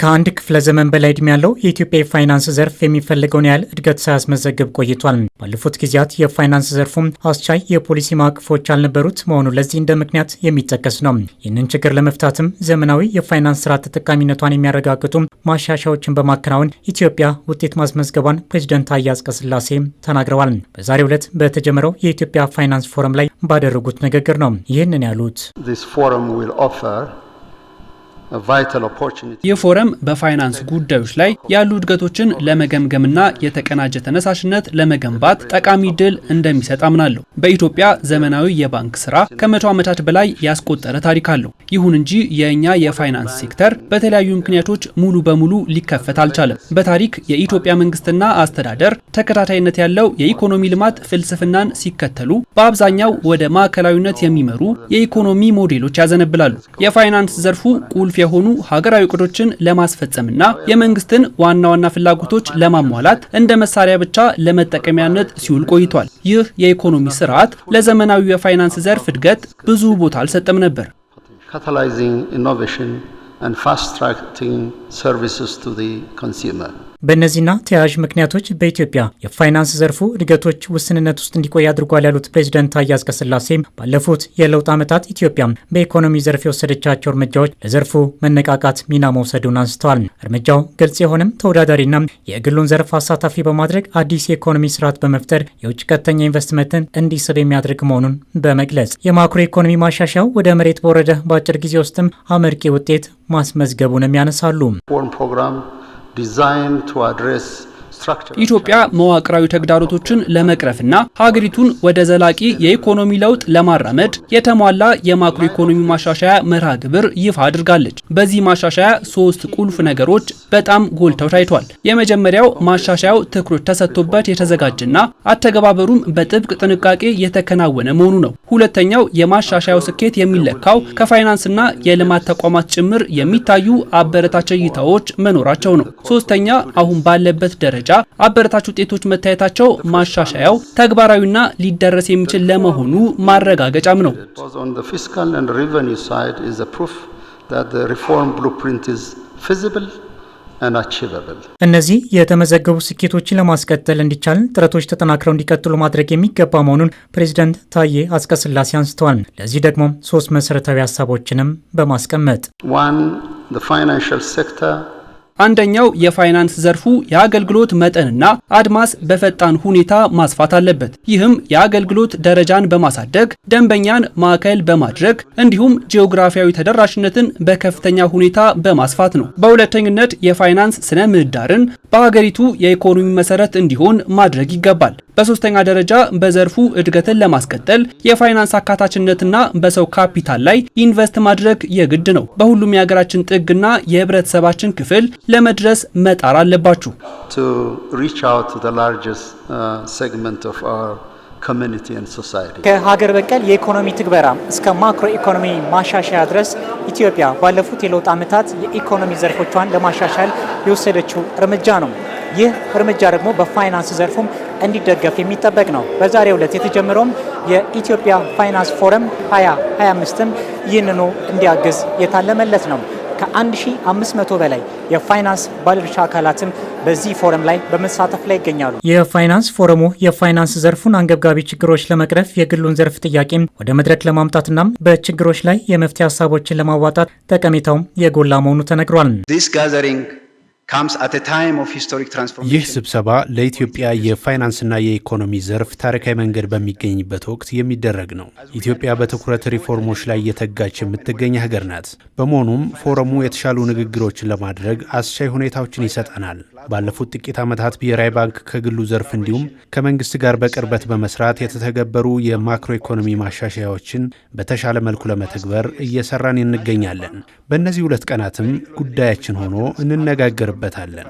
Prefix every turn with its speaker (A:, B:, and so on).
A: ከአንድ ክፍለ ዘመን በላይ እድሜ ያለው የኢትዮጵያ የፋይናንስ ዘርፍ የሚፈልገውን ያህል እድገት ሳያስመዘግብ ቆይቷል። ባለፉት ጊዜያት የፋይናንስ ዘርፉም አስቻይ የፖሊሲ ማዕቀፎች ያልነበሩት መሆኑ ለዚህ እንደ ምክንያት የሚጠቀስ ነው። ይህንን ችግር ለመፍታትም ዘመናዊ የፋይናንስ ስርዓት ተጠቃሚነቷን የሚያረጋግጡ ማሻሻዎችን በማከናወን ኢትዮጵያ ውጤት ማስመዝገቧን ፕሬዚደንት ታዬ አጽቀሥላሴ ተናግረዋል። በዛሬው ዕለት በተጀመረው የኢትዮጵያ ፋይናንስ ፎረም ላይ ባደረጉት ንግግር ነው ይህንን ያሉት ይህ ፎረም በፋይናንስ ጉዳዮች ላይ ያሉ እድገቶችን ለመገምገምና የተቀናጀ ተነሳሽነት ለመገንባት ጠቃሚ ድል እንደሚሰጥ አምናለሁ። በኢትዮጵያ ዘመናዊ የባንክ ስራ ከመቶ ዓመታት በላይ ያስቆጠረ ታሪክ አለው። ይሁን እንጂ የእኛ የፋይናንስ ሴክተር በተለያዩ ምክንያቶች ሙሉ በሙሉ ሊከፈት አልቻለም። በታሪክ የኢትዮጵያ መንግስትና አስተዳደር ተከታታይነት ያለው የኢኮኖሚ ልማት ፍልስፍናን ሲከተሉ በአብዛኛው ወደ ማዕከላዊነት የሚመሩ የኢኮኖሚ ሞዴሎች ያዘነብላሉ። የፋይናንስ ዘርፉ ቁልፍ የሆኑ ሀገራዊ እቅዶችን ለማስፈጸምና የመንግስትን ዋና ዋና ፍላጎቶች ለማሟላት እንደ መሳሪያ ብቻ ለመጠቀሚያነት ሲውል ቆይቷል። ይህ የኢኮኖሚ ስርዓት ለዘመናዊ የፋይናንስ ዘርፍ እድገት ብዙ ቦታ አልሰጠም ነበር። services በእነዚህና ተያያዥ ምክንያቶች በኢትዮጵያ የፋይናንስ ዘርፉ እድገቶች ውስንነት ውስጥ እንዲቆይ አድርጓል ያሉት ፕሬዚደንት ታዬ አጽቀሥላሴም ባለፉት የለውጥ ዓመታት ኢትዮጵያ በኢኮኖሚ ዘርፍ የወሰደቻቸው እርምጃዎች ለዘርፉ መነቃቃት ሚና መውሰዱን አንስተዋል። እርምጃው ግልጽ የሆነም ተወዳዳሪና የግሉን ዘርፍ አሳታፊ በማድረግ አዲስ የኢኮኖሚ ስርዓት በመፍጠር የውጭ ቀጥተኛ ኢንቨስትመንትን እንዲስብ የሚያደርግ መሆኑን በመግለጽ የማክሮ ኢኮኖሚ ማሻሻያው ወደ መሬት በወረደ በአጭር ጊዜ ውስጥም አመርቂ ውጤት ማስመዝገቡንም ያነሳሉ።
B: important program designed to address
A: ኢትዮጵያ መዋቅራዊ ተግዳሮቶችን ለመቅረፍና ሀገሪቱን ወደ ዘላቂ የኢኮኖሚ ለውጥ ለማራመድ የተሟላ የማክሮ ኢኮኖሚ ማሻሻያ መርሃ ግብር ይፋ አድርጋለች። በዚህ ማሻሻያ ሶስት ቁልፍ ነገሮች በጣም ጎልተው ታይቷል። የመጀመሪያው ማሻሻያው ትኩረት ተሰጥቶበት የተዘጋጀና አተገባበሩም በጥብቅ ጥንቃቄ የተከናወነ መሆኑ ነው። ሁለተኛው የማሻሻያው ስኬት የሚለካው ከፋይናንስና የልማት ተቋማት ጭምር የሚታዩ አበረታች እይታዎች መኖራቸው ነው። ሶስተኛ አሁን ባለበት ደረጃ ደረጃ አበረታች ውጤቶች መታየታቸው ማሻሻያው ተግባራዊና ሊደረስ የሚችል ለመሆኑ ማረጋገጫም ነው። እነዚህ የተመዘገቡ ስኬቶችን ለማስቀጠል እንዲቻል ጥረቶች ተጠናክረው እንዲቀጥሉ ማድረግ የሚገባ መሆኑን ፕሬዚደንት ታዬ አጽቀሥላሴ አንስተዋል። ለዚህ ደግሞ ሶስት መሰረታዊ ሀሳቦችንም በማስቀመጥ አንደኛው የፋይናንስ ዘርፉ የአገልግሎት መጠንና አድማስ በፈጣን ሁኔታ ማስፋት አለበት። ይህም የአገልግሎት ደረጃን በማሳደግ ደንበኛን ማዕከል በማድረግ እንዲሁም ጂኦግራፊያዊ ተደራሽነትን በከፍተኛ ሁኔታ በማስፋት ነው። በሁለተኝነት የፋይናንስ ስነ ምህዳርን በሀገሪቱ የኢኮኖሚ መሰረት እንዲሆን ማድረግ ይገባል። በሶስተኛ ደረጃ በዘርፉ እድገትን ለማስቀጠል የፋይናንስ አካታችነትና በሰው ካፒታል ላይ ኢንቨስት ማድረግ የግድ ነው። በሁሉም የሀገራችን ጥግና የህብረተሰባችን ክፍል ለመድረስ መጣር አለባችሁ።
C: ከሀገር በቀል የኢኮኖሚ ትግበራ እስከ ማክሮ ኢኮኖሚ ማሻሻያ ድረስ ኢትዮጵያ ባለፉት የለውጥ ዓመታት የኢኮኖሚ ዘርፎቿን ለማሻሻል የወሰደችው እርምጃ ነው። ይህ እርምጃ ደግሞ በፋይናንስ ዘርፉም እንዲደገፍ የሚጠበቅ ነው። በዛሬው ዕለት የተጀመረውም የኢትዮጵያ ፋይናንስ ፎረም 2025ም ይህንኑ እንዲያግዝ የታለመለት ነው። ከ1500 በላይ የፋይናንስ ባለድርሻ አካላትም በዚህ ፎረም ላይ በመሳተፍ ላይ ይገኛሉ።
A: የፋይናንስ ፎረሙ የፋይናንስ ዘርፉን አንገብጋቢ ችግሮች ለመቅረፍ የግሉን ዘርፍ ጥያቄም ወደ መድረክ ለማምጣትና በችግሮች ላይ የመፍትሄ ሀሳቦችን ለማዋጣት ጠቀሜታውም የጎላ መሆኑ ተነግሯል። ይህ ስብሰባ ለኢትዮጵያ የፋይናንስና የኢኮኖሚ ዘርፍ ታሪካዊ መንገድ በሚገኝበት ወቅት የሚደረግ ነው። ኢትዮጵያ በትኩረት ሪፎርሞች ላይ እየተጋች የምትገኝ ሀገር ናት። በመሆኑም ፎረሙ የተሻሉ ንግግሮችን ለማድረግ አስቻይ ሁኔታዎችን ይሰጠናል። ባለፉት ጥቂት ዓመታት ብሔራዊ ባንክ ከግሉ ዘርፍ እንዲሁም ከመንግስት ጋር በቅርበት በመስራት የተተገበሩ የማክሮ ኢኮኖሚ ማሻሻያዎችን በተሻለ መልኩ ለመተግበር እየሰራን እንገኛለን። በእነዚህ ሁለት ቀናትም ጉዳያችን ሆኖ እንነጋገር እንኖርበታለን።